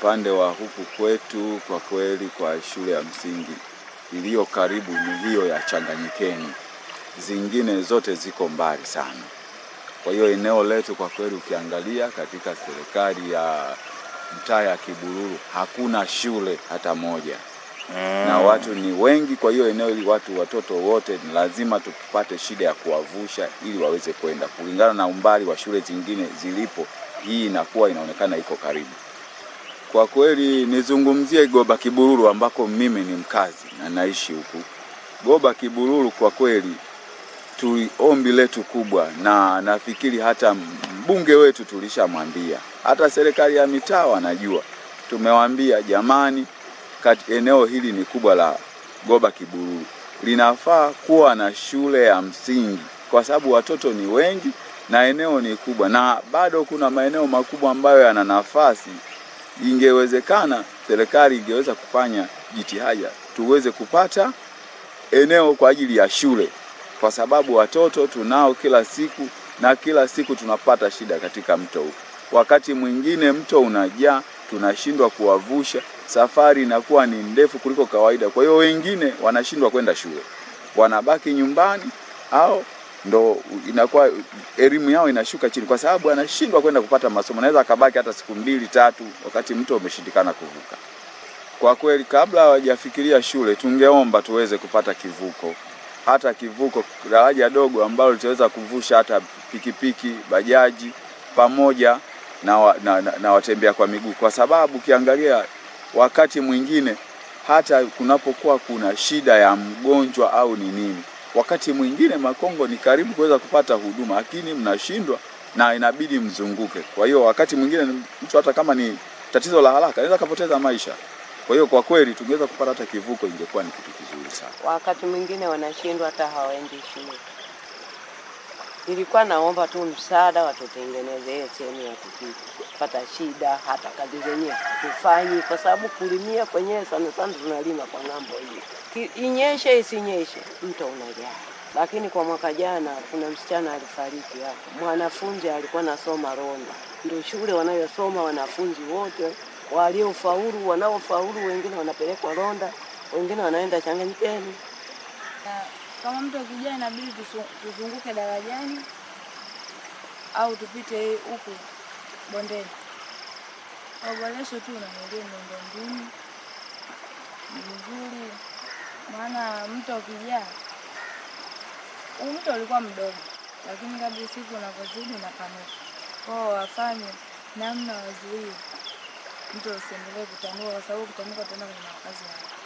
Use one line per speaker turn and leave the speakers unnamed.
upande wa huku kwetu, kwa kweli kwa shule ya msingi iliyo karibu ni hiyo ya Changanyikeni, zingine zote ziko mbali sana. Kwa hiyo eneo letu kwa kweli, ukiangalia katika serikali ya mtaa ya Kibururu hakuna shule hata moja mm. na watu ni wengi. Kwa hiyo eneo hili watu watoto wote ni lazima tupate shida ya kuwavusha ili waweze kwenda, kulingana na umbali wa shule zingine zilipo, hii inakuwa inaonekana iko karibu. Kwa kweli nizungumzie Goba Kibururu ambako mimi ni mkazi na naishi huku. Goba Kibururu kwa kweli tuliombi letu kubwa, na nafikiri hata mbunge wetu tulishamwambia, hata serikali ya mitaa wanajua, tumewambia jamani, kati eneo hili ni kubwa la Goba Kibururu linafaa kuwa na shule ya msingi kwa sababu watoto ni wengi na eneo ni kubwa, na bado kuna maeneo makubwa ambayo yana nafasi ingewezekana serikali ingeweza kufanya jitihada tuweze kupata eneo kwa ajili ya shule, kwa sababu watoto tunao kila siku na kila siku tunapata shida katika mto huu. Wakati mwingine mto unajaa, tunashindwa kuwavusha, safari inakuwa ni ndefu kuliko kawaida. Kwa hiyo wengine wanashindwa kwenda shule, wanabaki nyumbani au ndo inakuwa elimu yao inashuka chini, kwa sababu anashindwa kwenda kupata masomo. Naweza akabaki hata siku mbili tatu, wakati mto umeshindikana kuvuka. Kwa kweli, kabla hawajafikiria shule, tungeomba tuweze kupata kivuko, hata kivuko daraja dogo ambalo litaweza kuvusha hata pikipiki, bajaji pamoja na, wa, na, na, na watembea kwa miguu, kwa sababu ukiangalia wakati mwingine hata kunapokuwa kuna shida ya mgonjwa au ni nini wakati mwingine Makongo ni karibu kuweza kupata huduma, lakini mnashindwa na inabidi mzunguke. Kwa hiyo wakati mwingine mtu hata kama ni tatizo la haraka anaweza kapoteza maisha. Kwa hiyo kwa kweli tungeweza kupata hata kivuko, ingekuwa ni kitu kizuri sana.
Wakati mwingine wanashindwa hata hawaendi shule. Nilikuwa naomba tu msaada watutengenezee sehemu ya kupata shida, hata kazi zenyewe tufanye, kwa sababu kulimia kwenyewe sana sana tunalima kwa ng'ambo hii, inyeshe isinyeshe, mto unajaa. Lakini kwa mwaka jana kuna msichana alifariki hapo, mwanafunzi alikuwa nasoma Ronda, ndio shule wanayosoma wanafunzi wote waliofaulu, wanaofaulu, wengine wanapelekwa Ronda, wengine wanaenda Changanyikeni.
Kama mto ukijaa inabidi tuzunguke darajani au tupite huku bondeni. Waboreshe tu na miundo mbinu ni vizuri, maana mto ukijaa, huu mtu alikuwa mdogo, lakini kadri siku unavyozidi unapanuka. Kwao wafanye namna, wazuie mto asiendelee kutanuka, kwa sababu kutanuka tena kwenye makazi yake.